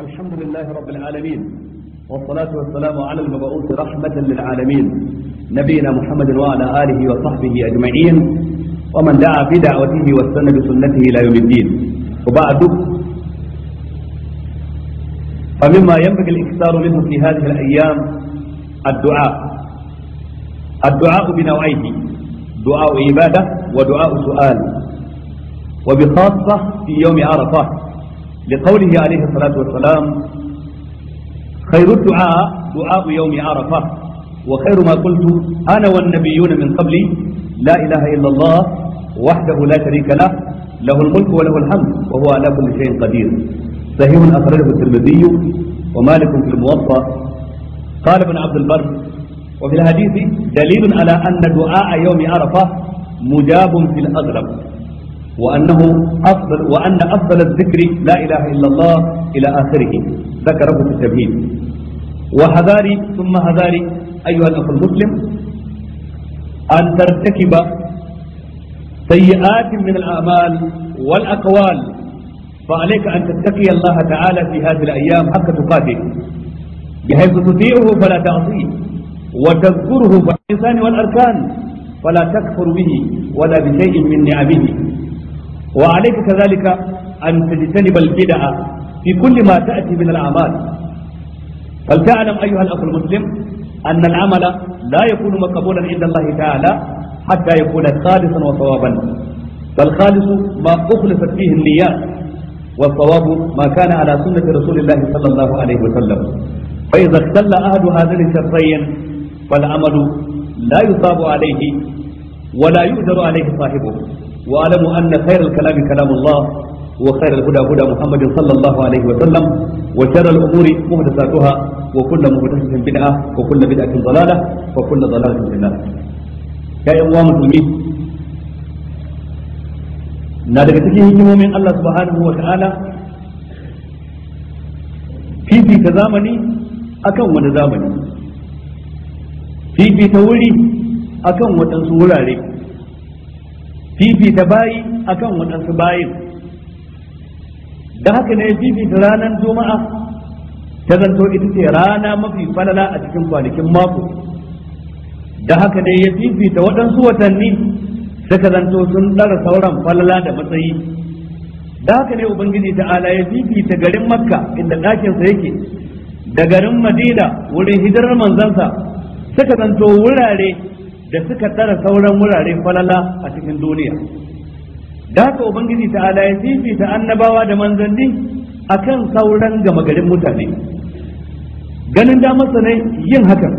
الحمد لله رب العالمين والصلاة والسلام على المبعوث رحمة للعالمين نبينا محمد وعلى آله وصحبه أجمعين ومن دعا بدعوته واستنى بسنته إلى يوم الدين وبعد فمما ينبغي الإكثار منه في هذه الأيام الدعاء الدعاء بنوعيه دعاء عبادة ودعاء سؤال وبخاصة في يوم عرفات لقوله عليه الصلاة والسلام خير الدعاء دعاء يوم عرفة وخير ما قلت أنا والنبيون من قبلي لا إله إلا الله وحده لا شريك له له الملك وله الحمد وهو على كل شيء قدير صحيح أخرجه الترمذي ومالك في الموطأ قال ابن عبد البر وفي الحديث دليل على أن دعاء يوم عرفة مجاب في الأغلب وأنه أفضل وأن أفضل الذكر لا إله إلا الله إلى آخره ذكره في التمهيد وحذاري ثم حذاري أيها الأخ المسلم أن ترتكب سيئات من الأعمال والأقوال فعليك أن تتقي الله تعالى في هذه الأيام حق تقاتل بحيث تطيعه فلا تعصيه وتذكره في والأركان فلا تكفر به ولا بشيء من نعمه وعليك كذلك أن تجتنب البدع في كل ما تأتي من الأعمال فلتعلم أيها الأخ المسلم أن العمل لا يكون مقبولا عند الله تعالى حتى يكون خالصا وصوابا فالخالص ما أخلصت فيه النيات والصواب ما كان على سنة رسول الله صلى الله عليه وسلم فإذا اختل أحد هذين الشرطين فالعمل لا يصاب عليه ولا يؤجر عليه صاحبه واعلموا أن خير الكلام كلام الله وخير الهدى هدى محمد صلى الله عليه وسلم وشر الأمور محدثاتها وكل محدثة بدعة وكل بدعة ضلالة وكل ضلالة في النار يا أيها المسلمين na daga cikin hikimomin Allah subhanahu wa ta'ala fifita zamani akan wani zamani fifita wuri akan waɗansu wurare fifita bayi akan waɗansu bayin da haka ne fifita ranar juma'a ta zanto ita ce rana mafi falala a cikin kwanakin mako da haka ne ya fifita waɗansu watanni suka zanto sun ɗara sauran falala da matsayi da haka ne ubangiji ta'ala ya fifita garin makka inda ɗakinsa yake da garin madina wurin hijirar manzansa suka zanto wurare da suka tara sauran wurare falala a cikin duniya da haka ubangiji ta ta'ala ya fifita annabawa da manzanni akan sauran gama garin mutane ganin damarsa ne yin hakan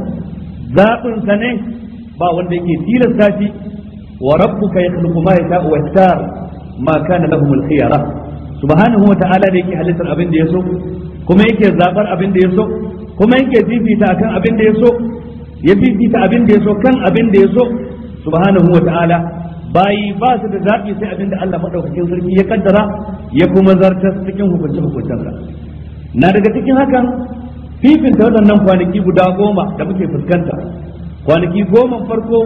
zaɓinsa ne ba wanda yake tilasta shi wa rabbuka yakhluqu ma yasha'u wa yahtar ma kana lahum al subhanahu wa ta'ala da yake halittar abin da yaso kuma yake zabar abin da yaso kuma yake fifita akan abin da yaso ya fifita abin da ya so kan abin da ya so subhanahu wa ta'ala bayi ba su da zaɓi sai abin da Allah maɗaukakin sarki ya kaddara ya kuma zartar cikin hukunci sa na daga cikin hakan fifin ta waɗannan kwanaki guda goma da muke fuskanta kwanaki goma farko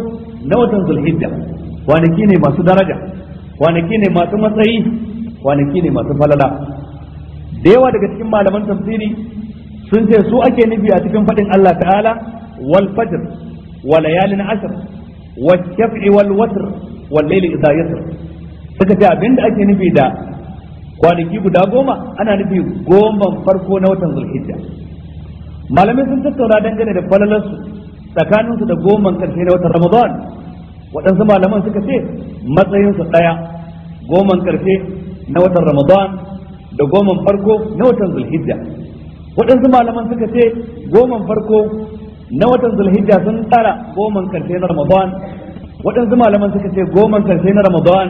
na watan zulhijja kwanaki ne masu daraja kwanaki ne masu matsayi kwanaki ne masu falala da yawa daga cikin malaman tafsiri sun ce su ake nufi a cikin faɗin Allah ta'ala wal fajr wa layalin ashr wa shaf'i wal watr wal layli idha yasr suka ce abinda ake nufi da kwanaki guda goma ana nufi goman farko na watan zulhijja malamai sun tattauna dangane da falalarsu tsakaninsu da goman karshe na watan ramadan waɗansu malaman suka ce matsayinsu ɗaya goman karshe na watan ramadan da goman farko na watan zulhijja waɗansu malaman suka ce goman farko na watan zulhijja sun tsara goman karshe na ramadan waɗansu malaman suka ce goman karshe na ramadan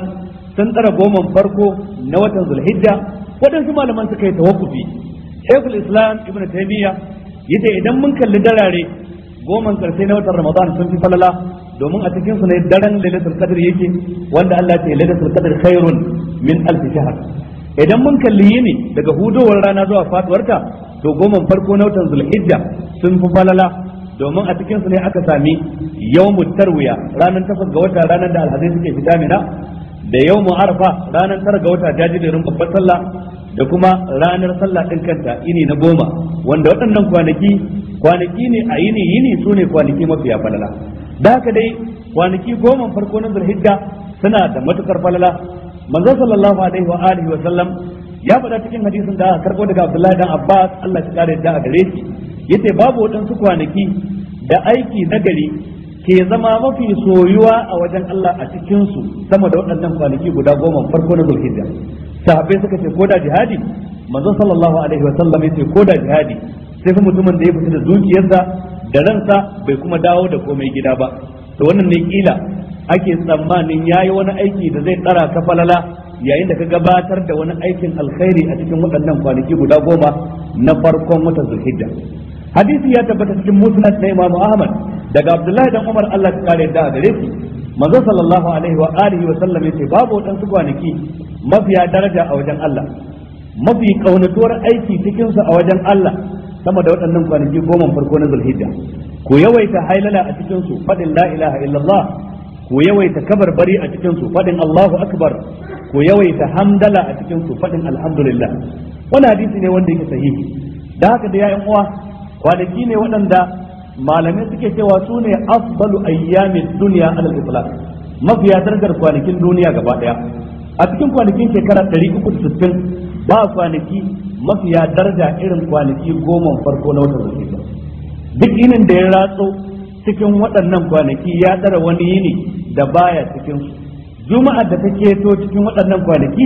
sun tsara goman farko na watan zulhijja waɗansu malaman suka yi tawakkufi shaykhul islam ibnu taymiya yace idan mun kalli darare goman karshe na watan ramadan sun fi falala domin a cikin su ne daren lailatul qadr yake wanda Allah ya ce lailatul qadr khairun min alf shahr idan mun kalli yini daga hudowar rana zuwa faduwarta to goman farko na watan zulhijja sun fi falala domin a cikin su ne aka sami yawmu tarwiya ranar takwas ga wata ranar da alhazai suke fita mina da yawmu arfa ranar tara ga wata jajirin babban sallah da kuma ranar sallah din kanta ini na goma wanda waɗannan kwanaki kwanaki ne a yini yini su ne kwanaki mafiya falala da haka dai kwanaki goma farko na zulhijja suna da matukar falala manzon sallallahu alaihi wa alihi wa sallam ya faɗa cikin hadisin da aka karɓo daga Abdullahi dan Abbas Allah ya kare da a gare shi yace babu waɗansu kwanaki da aiki nagari ke zama mafi soyuwa a wajen Allah a cikin su sama da waɗannan kwanaki guda goma farko na Zulhijja sahabbai suka ce koda jihadi manzon sallallahu alaihi wa sallam yace koda jihadi sai fa mutumin da ya fita da dukiyarsa da ransa bai kuma dawo da komai gida ba to wannan ne kila ake tsammanin yayi wani aiki da zai tsara ka falala yayin da ka gabatar da wani aikin alkhairi a cikin waɗannan kwanaki guda goma na farkon watan zulhijja hadisi ya tabbata cikin musnad na Imam Ahmad daga Abdullahi dan Umar Allah ya kare da gare shi manzo sallallahu alaihi wa alihi wa sallam yace babu wadansu kwanaki mafiya daraja a wajen Allah mafi kaunatuwar aiki cikin su a wajen Allah sama da waɗannan kwanaki goma farko na Zulhijja ku yawaita hailala a cikin su fadin la ilaha illallah ku yawaita kabar bari a cikin su fadin Allahu akbar ku yawaita hamdala a cikin su fadin alhamdulillah wannan hadisi ne wanda yake sahihi da haka da 'ya'yan uwa kwanaki ne waɗanda malamai suke cewa su ne afdalu ayyamin duniya alal islam mafiya darajar kwanakin duniya gaba daya a cikin kwanakin shekara 360 ba kwanaki mafiya daraja irin kwanaki goma farko na watan zulhijja duk yinin da ya ratso cikin waɗannan kwanaki ya tsara wani yini da baya cikin juma'ar da ta keto cikin waɗannan kwanaki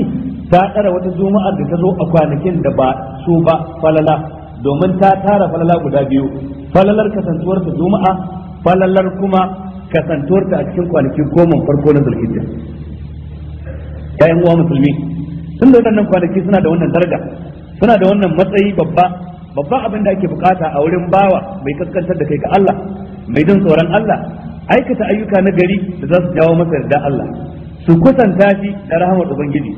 ta ɗara wata juma'ar da ta zo a kwanakin da ba su ba falala domin ta tara falala guda biyu falalar kasantuwar ta juma'a falalar kuma kasantuwar ta a cikin kwanaki goma farko na zulhijja ƴaƴan uwa musulmi tun da waɗannan kwanaki suna da wannan daraja suna da wannan matsayi babba babba abin da ake bukata a wurin bawa mai kaskantar da kai ga Allah mai jin tsoron Allah aikata ayyuka na gari da za su jawo masa yarda Allah su kusanta shi da rahamar ubangiji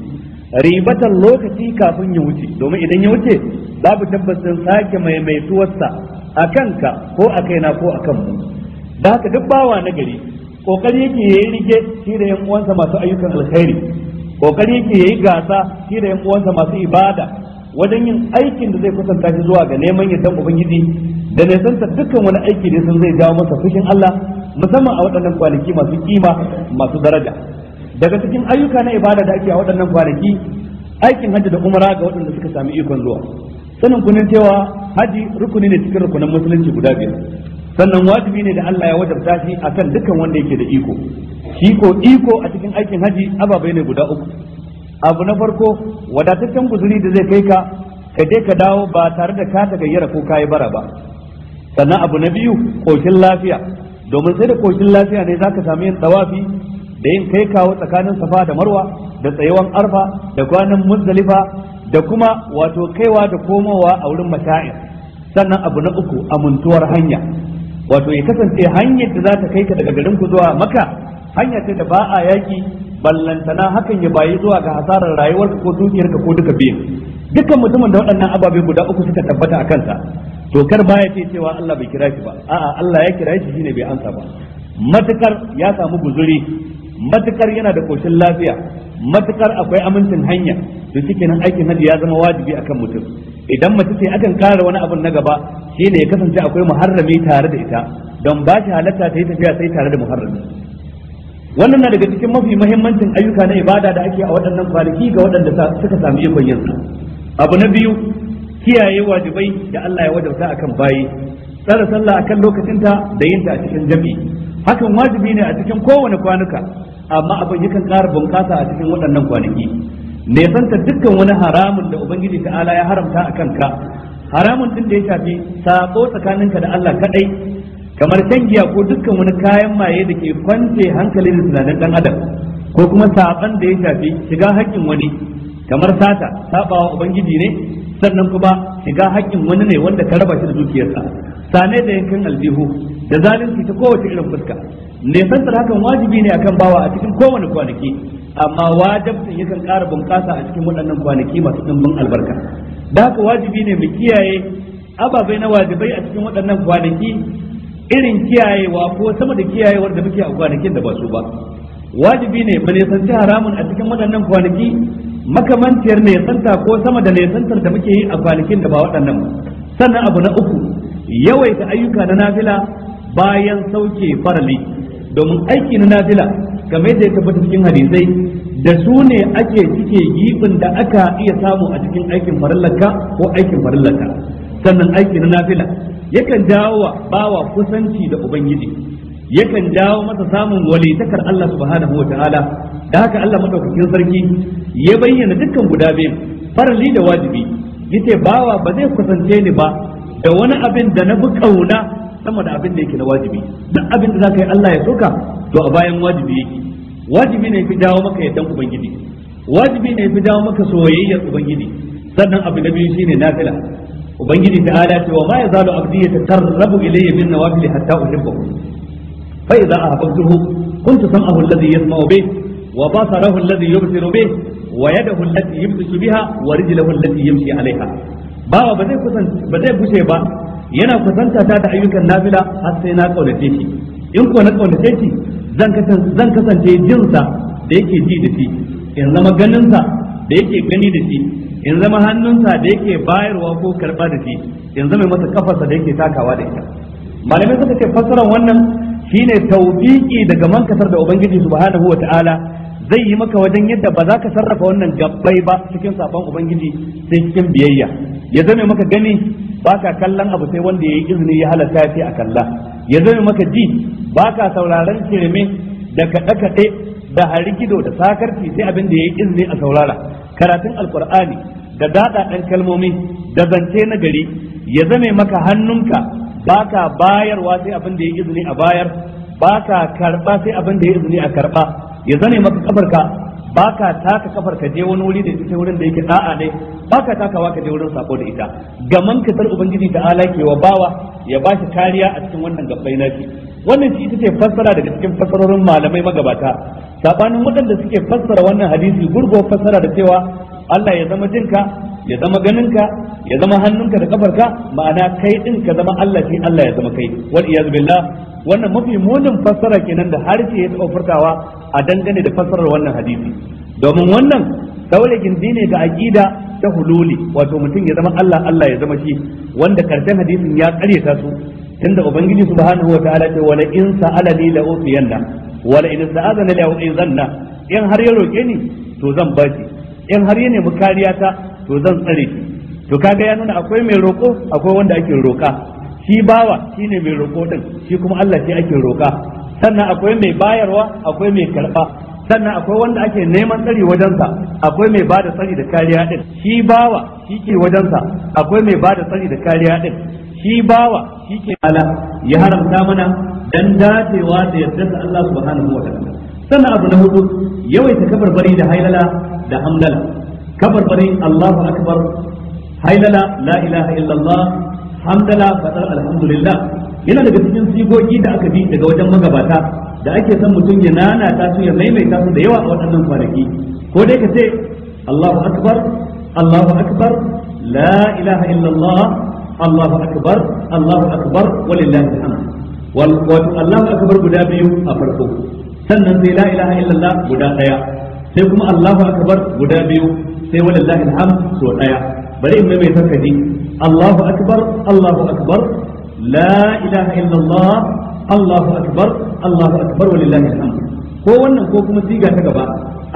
ribatan lokaci kafin ya wuce domin idan ya wuce babu tabbacin sake maimaituwarsa a kanka ko a kaina ko a mu. da haka duk bawa na gari kokari yake yayi rike shi da yan uwansa masu ayyukan alkhairi kokari yake yayi gasa shi da yan uwansa masu ibada wajen yin aikin da zai kusanta shi zuwa ga neman yardan ubangiji da santa dukkan wani aiki da sun zai jawo masa fushin Allah musamman a waɗannan kwanaki masu kima masu daraja daga cikin ayyuka na ibada da ake a waɗannan kwanaki aikin hajji da umara ga waɗanda suka sami ikon zuwa sanin kunin cewa hajji rukuni ne cikin rukunan musulunci guda biyar sannan wajibi ne da Allah ya wajabta shi akan dukkan wanda yake da iko shi ko iko a cikin aikin hajji ababai ne guda uku abu na farko wadataccen guzuri da zai kai ka ka je ka dawo ba tare da ka ta gayyara ko ka yi bara ba sannan abu na biyu koshin lafiya domin sai da koshin lafiya ne zaka sami yin tsawafi da yin kai kawo tsakanin safa da marwa da tsayuwan arfa da kwanan muzdalifa da kuma wato kaiwa da komowa a wurin mata'in sannan abu na uku amintuwar hanya wato ya kasance hanyar da za ta kai ka daga garin ku zuwa maka hanya ce da ba a yaki ballantana hakan ya bayi zuwa ga hasarar rayuwarka ko dukiyarka ko duka biyu dukkan mutumin da waɗannan ababe guda uku suka tabbata a kansa to kar baya ce cewa Allah bai kira shi ba a'a Allah ya kira shi shine bai amsa ba matukar ya samu guzuri matukar yana da koshin lafiya matukar akwai amincin hanya to cikin aikin hajji ya zama wajibi akan mutum idan mace ce akan kara wani abin na gaba shine ya kasance akwai muharrami tare da ita don ba shi halatta ta yi tafiya sai tare da muharrami wannan na daga cikin mafi mahimmancin ayyuka na ibada da ake a waɗannan kwanaki ga waɗanda suka sami ikon yanzu abu na biyu kiyaye wajibai da Allah ya wajabta akan bayi tsara sallah akan lokacinta da yinta a cikin jami'i hakan wajibi ne a cikin kowane kwanuka amma abin yakan ƙara bunƙasa a cikin waɗannan kwanaki santa dukkan wani haramun da ubangiji ta'ala ya haramta a ka? haramun din da ya shafi sako tsakaninka da Allah kaɗai, kamar tangiya ko dukkan wani kayan maye da ke kwance hankali da tunanin ɗan adam ko kuma saban da ya shafi shiga haƙƙin wani kamar sata sabawa ubangiji ne sannan kuma shiga haƙƙin wani ne wanda ka raba shi da dukiyarsa sane da yankan aljihu da zalunci ta kowace irin fuska nesantar hakan wajibi ne akan bawa a cikin kowane kwanaki amma wajibin yakan ƙara bunƙasa a cikin waɗannan kwanaki masu ɗimbin albarka da haka wajibi ne mu kiyaye ababai na wajibai a cikin waɗannan kwanaki irin kiyayewa ko sama da kiyayewar da muke a kwanakin da ba su ba wajibi ne mu nisanci haramun a cikin waɗannan kwanaki makamantiyar tsanta ko sama da nesantar da muke yi a kwanakin da ba waɗannan sannan abu na uku yawaita ayyuka na nafila bayan sauke farali domin aiki na nafila game da ya tabbata cikin hadisai da su ne ake cike gibin da aka iya samu a cikin aikin farallaka ko aikin farallaka sannan aiki na nafila yakan jawo wa bawa kusanci da ubangiji yakan jawo masa samun walitakar Allah subhanahu Ta'ala. da haka Allah madaukakin sarki ya bayyana dukkan guda biyu farali da wajibi yace bawa ba zai kusance ni ba da wani abin da na bi kauna sama da abin da yake na wajibi duk abin da zaka yi Allah ya soka to a bayan wajibi yake wajibi ne fi dawo maka yaddan ubangiji wajibi ne fi dawo maka soyayyar ubangiji sannan abu na biyu shine nafila ubangiji ta ala ce wa ma zalu abdi tarrabu ilayya min nawafil hatta uhibbu fa idza ahabbtuhu kuntu sam'ahu alladhi yasma'u bihi wa basarahu alladhi yubsiru bih wa yadahu allati yumshu biha wa rijluhu allati yamshi alaiha bawa ba zai kusan ba zai gushe ba yana kusanta ta da ayyukan nafila har sai na kaunace shi in ko na kaunace shi zan kasance zan kasance jinsa da yake ji da shi in zama ganinsa da yake gani da shi in zama hannunsa da yake bayarwa ko karba da shi in zama masa kafarsa da yake takawa da ita malamai suka ce fassarar wannan shine tawfiki daga mankasar da ubangiji subhanahu wataala zai yi maka wajen yadda ba za ka sarrafa wannan gabbai ba cikin sabon ubangiji sai cikin biyayya ya zame maka gani ba ka kallon abu sai wanda ya yi izini ya halatta ya ce a kalla ya zame maka ji ba ka sauraron kirme da kaɗe kaɗe da harikido da sakarci sai abin da yi izini a saurara karatun alkur'ani da daɗaɗen kalmomi da zance na gari ya zame maka hannunka ba ka bayarwa sai abin da yi izini a bayar ba ka karɓa sai abin da yi izini a karɓa ya zane maka kafarka baka taka kafar ka je wani wuri da ita wurin da yake da'a ne baka taka ka je wurin sako da ita gaman tar ubangiji ta ala ke wa bawa ya ba shi kariya a cikin wannan gabbai nashi wannan shi ita ce fassara daga cikin fassarorin malamai magabata sabanin waɗanda suke fassara wannan hadisi gurgo fassara da cewa Allah ya zama jinka ya zama ka ya zama hannunka da kafar ka ma'ana kai din ka zama Allah shi Allah ya zama kai wal iyaz billah wannan mafi munin fassara kenan da har ke ya taɓa furtawa a dangane da fassarar wannan hadisi domin wannan daure gindi ne ga aqida ta hululi wato mutum ya zama Allah Allah ya zama shi wanda karshen hadisin ya karyata su tunda ubangiji subhanahu wa ta'ala ce wala in sa'alani la ufiyanna wala in sa'azana la uizanna in har ya roke ni to zan baki in har ya nemi kariya ta to zan tsare ki to kaga ya nuna akwai mai roko akwai wanda ake roka shi bawa shine mai roko din shi kuma Allah shi ake roka sannan akwai mai bayarwa akwai mai karɓa sannan akwai wanda ake neman tsari wajensa akwai mai bada tsari da kariya din shi bawa shi ke wajensa akwai mai bada tsari da kariya din shi bawa shi ke ala ya haramta mana dan dacewa da yadda Allah subhanahu wa ta'ala sannan abu na hudu yawaita bari da hailala da hamdala kabarbari Allahu akbar hailala la ilaha illallah hamdala fatar alhamdulillah yana daga cikin sigogi da aka bi daga wajen magabata da ake son mutum ya ta su ya maimaita su da yawa a waɗannan kwanaki ko dai ka ce Allahu akbar Allahu akbar la ilaha illallah Allahu akbar Allahu akbar walillahi alhamd wal Allahu akbar guda biyu a farko sannan sai la ilaha illallah guda daya sai kuma Allahu akbar guda biyu sai walillahi alhamd so daya bari in mai takadi Allahu akbar Allahu akbar la ilaha illallah Allahu akbar Allahu akbar walillahi alhamd ko wannan ko kuma siga ta gaba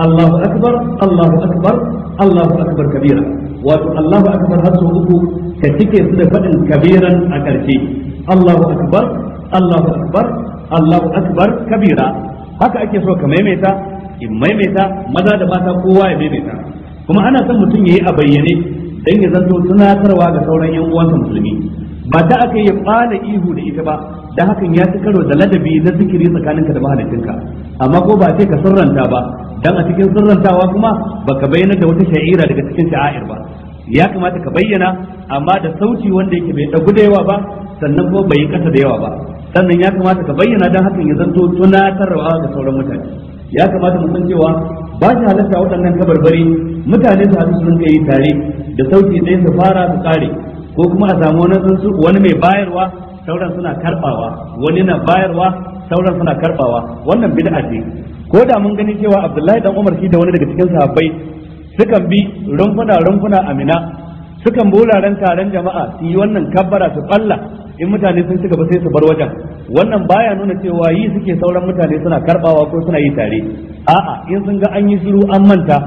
Allahu akbar Allahu akbar Allahu akbar kabira wato Allahu akbar har sau uku ka cike su da faɗin kabiran a ƙarshe Allahu akbar Allahu akbar Allahu akbar kabira haka ake so ka maimaita in maimaita maza da mata kowa ya maimaita kuma ana son mutum ya yi a bayyane don ya zanto tunatarwa ga sauran yan uwansa musulmi ba ta aka yi fara ihu da ita ba da hakan ya ci karo da ladabi na zikiri tsakaninka da mahalicinka amma ko ba ce ka sirranta ba dan a cikin sirrantawa kuma baka bayyana da wata sha'ira daga cikin sha'air ba ya kamata ka bayyana amma da sauti wanda yake bai dagu da yawa ba sannan kuma bai yi kasa da yawa ba sannan ya kamata ka bayyana dan hakan ya zanto tunatarwa ga sauran mutane ya kamata mu san cewa ba shi halatta waɗannan kabarbari mutane su hadu su kai tare da sauti ɗaya su fara su ƙare ko kuma a samu wani wani mai bayarwa sauran suna karbawa wani na bayarwa sauran suna karbawa wannan bid'a ce ko da mun gani cewa Abdullahi dan Umar shi da wani daga cikin sahabbai sukan bi rumfuna rumfuna amina sukan bi wuraren taron jama'a su yi wannan kabbara su balla in mutane sun shiga ba sai su bar wajen wannan baya nuna cewa yi suke sauran mutane suna karbawa ko suna yi tare a'a in sun ga an yi shiru an manta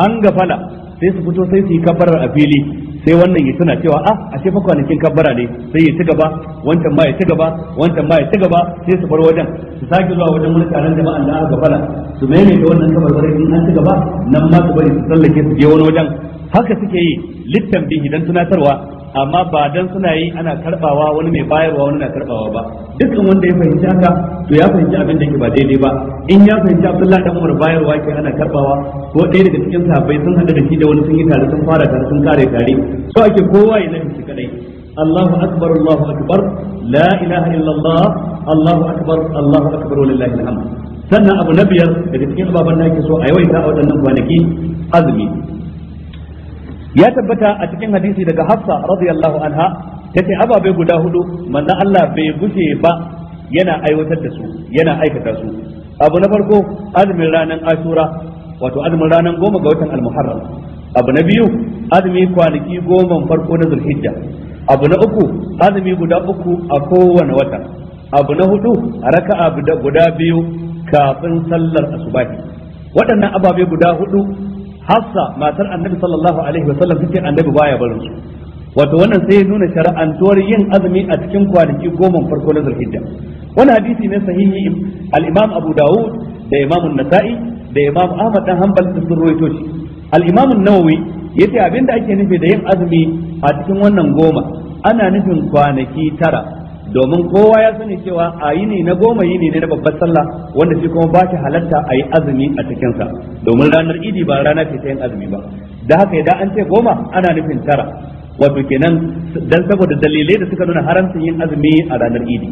an gafala sai su fito sai su yi kabbarar a fili sai wannan ya tuna cewa ah a fa kwanakin kabbara ne sai ya ci gaba wancan ma ya ci gaba wancan ma ya ci gaba sai su bar wajen su sake zuwa wajen wani taron jama'an da aka gafala su maimaita wannan kabarbarai in an ci gaba nan ma su bari su tsallake su je wani wajen haka suke yi littan bihi dan tunatarwa amma ba dan suna yi ana karbawa wani mai bayarwa wani na karbawa ba dukkan wanda ya fahimci haka to ya fahimci abin da ke ba daidai ba in ya fahimci Abdullahi dan Umar bayarwa ke ana karbawa ko ɗaya daga cikin sahabbai sun hada da shi da wani sun yi tare sun fara tare sun kare tare so ake kowa ya nafi shi kadai Allahu akbar Allahu akbar la ilaha illallah Allahu akbar Allahu akbar walillahi alhamd sannan abu na biyar daga cikin ababen da ake so a yawaita a waɗannan kwanaki azumi ya tabbata a cikin hadisi daga Hafsa radiyallahu anha tace ababe guda hudu manzo Allah bai gushe ba yana aiwatar da su yana aikata su abu na farko azumin ranar Ashura wato azumin ranar goma ga watan al abu na biyu azumi kwanaki goma farko na Zulhijja abu na uku azumi guda uku a kowane wata abu na hudu raka'a guda biyu kafin sallar asubahi waɗannan ababe guda hudu hafsa matar annabi sallallahu alaihi wa sallam tace annabi baya barin su wato wannan sai ya nuna shar'antuwar yin azumi a cikin kwanaki goma farko na zulhijja wannan hadisi ne sahihi al-imam abu dawud da imam an-nasa'i da imam ahmad dan hanbal da sun ruwaito shi al-imam an-nawawi yace abinda ake nufi da yin azumi a cikin wannan goma ana nufin kwanaki tara domin kowa ya sani cewa a yini na goma yini ne na babbar sallah wanda shi kuma ba shi halatta a yi azumi a cikinsa domin ranar idi ba rana ce ta yin azumi ba da haka idan an ce goma ana nufin tara wato kenan dan saboda dalilai da suka nuna haramcin yin azumi a ranar idi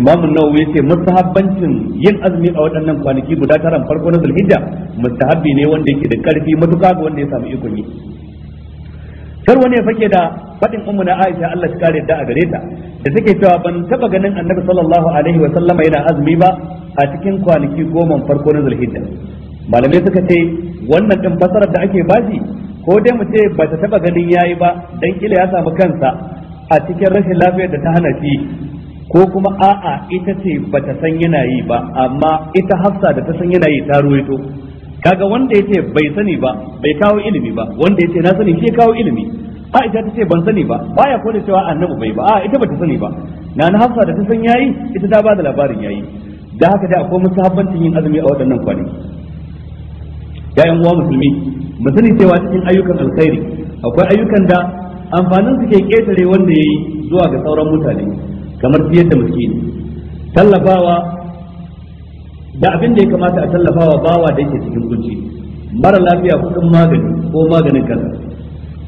imamu nawawi ce mustahabbancin yin azumi a waɗannan kwanaki guda tara, farko na zulhijja mustahabbi ne wanda yake da karfi matuƙa ga wanda ya samu ikon yi kar wani ya fake da faɗin ummu na Aisha Allah ta kare da a gare ta da take cewa ban taba ganin Annabi sallallahu alaihi wa sallama yana azumi ba a cikin kwanaki goma farko na Zulhijja malamai suka ce wannan din fasarar da ake bashi ko dai mu ce ba ta taba ganin yayi ba dan kila ya samu kansa a cikin rashin lafiyar da ta hana shi ko kuma a'a ita ce ba ta san yana yi ba amma ita hafsa da ta san yana yi ta ruwaito kaga wanda yace bai sani ba bai kawo ilimi ba wanda yace na sani shi kawo ilimi Aisha ta ce ban sani ba baya ya cewa annabi bai ba a ita bata sani ba na na Hafsa da ta san yayi ita ta bada labarin yayi da haka dai akwai musabbancin yin azumi a waɗannan Ya 'yan uwa musulmi mu sani cewa cikin ayyukan alkhairi akwai ayyukan da amfanin su ke ketare wanda yayi zuwa ga sauran mutane kamar siyar da miskini tallafawa da abin da ya kamata a tallafawa bawa da yake cikin kunci mara lafiya kudin magani ko maganin kansa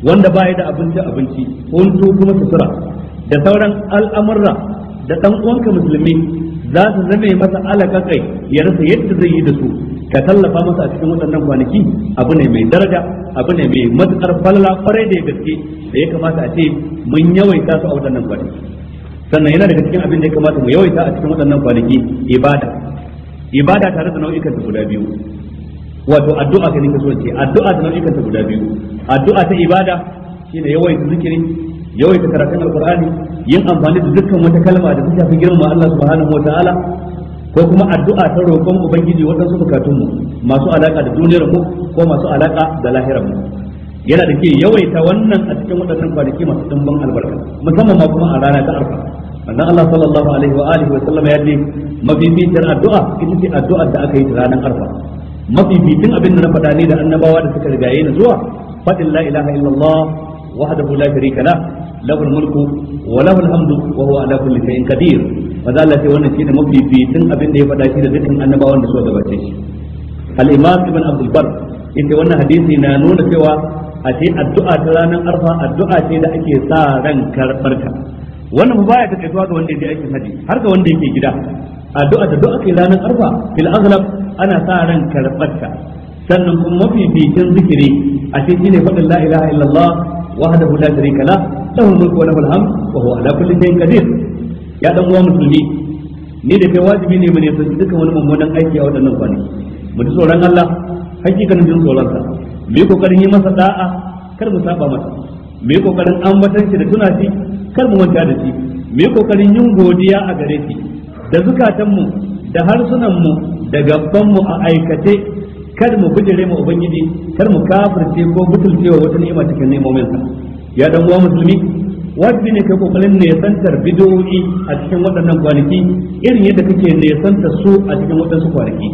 wanda ba da abinci abinci huntu kuma sutura da sauran al'amurra da dan uwanka musulmi za su zame masa alaka kai ya rasa yadda zai yi da su ka tallafa masa a cikin waɗannan kwanaki abu ne mai daraja abu ne mai matukar falala kwarai da gaske da ya kamata a ce mun yawaita su a waɗannan kwanaki sannan yana daga cikin abin da ya kamata mu yawaita a cikin waɗannan kwanaki ibada ibada tare da nau'ikan ta guda biyu wato addu'a kai ka addu'a da nau'ikan ta guda biyu addu'a ta ibada shine yawaita zikiri yawaita karatun alqur'ani yin amfani da dukkan wata kalma da ta fi girma Allah subhanahu wataala ko kuma addu'a ta roƙon ubangiji waɗansu bukatun mu masu alaka da duniyar mu ko masu alaka da lahirar mu yana da ke yawaita wannan a cikin waɗannan kwanaki masu dimbin albarka musamman ma kuma a rana ta arfa annan Allah sallallahu alaihi wa alihi wa sallama ya ce mafificin addu'a ita ce addu'ar da aka yi ta ranar arfa mafificin abin da na faɗa ne da annabawa da suka rigaye na zuwa faɗin la ilaha illallah wahdahu la sharika la lahu mulku wa lahu alhamdu wa huwa ala kulli shay'in qadir maza Allah ce wannan shine mafificin abin da ya faɗa shi da dukkan annabawan da suka gabace shi al-imam ibn abdul bar yace wannan hadisi na nuna cewa a ce addu'a ta ranar arfa addu'a ce da ake sa ran karɓarta wannan baya ta kaituwa ga wanda yake aikin haji har ga wanda yake gida addu'a da du'a kai ranar arfa fil aghlab ana sa ran karbarta sannan kuma mafi bikin zikiri a cikin shine faɗin la ilaha illallah wahdahu la sharika la lahu mulku wa lahu alhamd wa huwa ala kulli shay'in qadir ya dan uwa musulmi ni da kai wajibi ne mu ne sai dukkan wani mummunan aiki a waɗannan kwanaki mu ji tsoron Allah hakikanin jin tsoron sa mu yi kokarin yi masa da'a kar mu saba masa Mai kokarin ambatan shi da tuna shi kar mu manta da shi Mai kokarin yin godiya a gare shi da zukatanmu da harsunanmu da gabanmu a aikace kar mu bijire mu ubangiji kar mu kafirce ko butulcewa wata ni'ima cikin nemomin sa ya dan uwa musulmi wajibi ne kai kokarin ne santar bid'o'i a cikin waɗannan kwanaki irin yadda kake ne santa su a cikin waɗansu kwanaki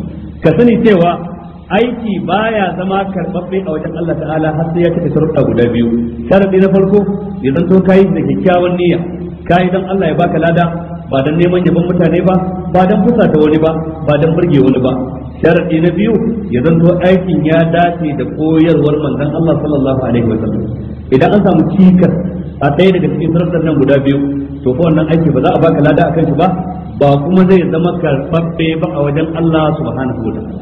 ka sani cewa aiki baya zama karbabbe a wajen Allah ta'ala har sai ya cika sarrafa guda biyu sharaɗi na farko ya zanto kai da kyakkyawan niyya kai dan Allah ya baka lada ba dan neman yaban mutane ba ba dan fusa wani ba ba dan burge wani ba sharadi na biyu ya zanto aikin ya dace da koyarwar manzon Allah sallallahu alaihi wasallam idan an samu cikas a ɗaya daga cikin sharuɗan nan guda biyu to fa wannan aiki ba za a baka lada akan shi ba ba kuma zai zama karɓaɓɓe ba a wajen Allah subhanahu wa ta'ala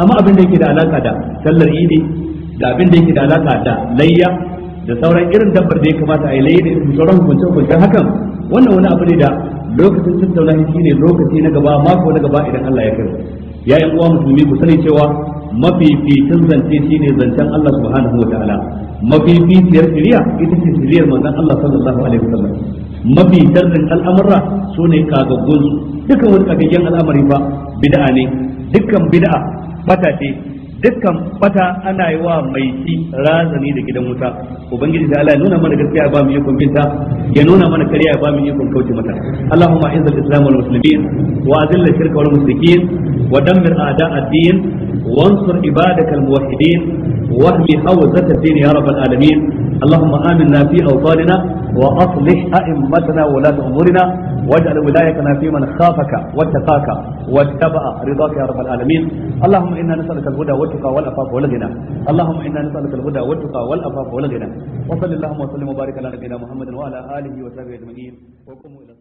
amma abin da yake da alaka da sallar idi da abin da yake da alaka da layya da sauran irin dabbar da ya kamata a yi layya da sauran hukunce hukuncen hakan wannan wani abu ne da lokacin tattauna shi ne lokaci na gaba mako na gaba idan Allah ya kai ya yi uwa musulmi ku sani cewa mafificin zance shine zancen Allah subhanahu wa ta'ala mafificiyar siriya ita ce siriyar manzon Allah sallallahu alaihi sallam mafi sharrin al'amura sune kagaggun dukkan wani kagaggen al'amari ba bid'a ne dukkan bid'a bata ce dukkan bata ana yi wa mai ci razani da gidan wuta ubangiji ta Allah nuna mana gaskiya ba mu yi binta ya nuna mana kariya ba mu yi kauce mata Allahumma izzil islam wal muslimin wa azil shirka wal mushrikin wa dammir a'da ad-din wansur ibadakal muwahhidin واهمي حوزة الدين يا رب العالمين اللهم آمنا في أوطاننا وأصلح أئمتنا ولاة أمورنا واجعل ولايتنا في من خافك واتقاك واتبع رضاك يا رب العالمين اللهم إنا نسألك الهدى والتقى والعفاف والغنى اللهم إنا نسألك الهدى والتقى والعفاف والغنى وصل اللهم وسلم وبارك على نبينا محمد وعلى آله وصحبه أجمعين وقوموا إلى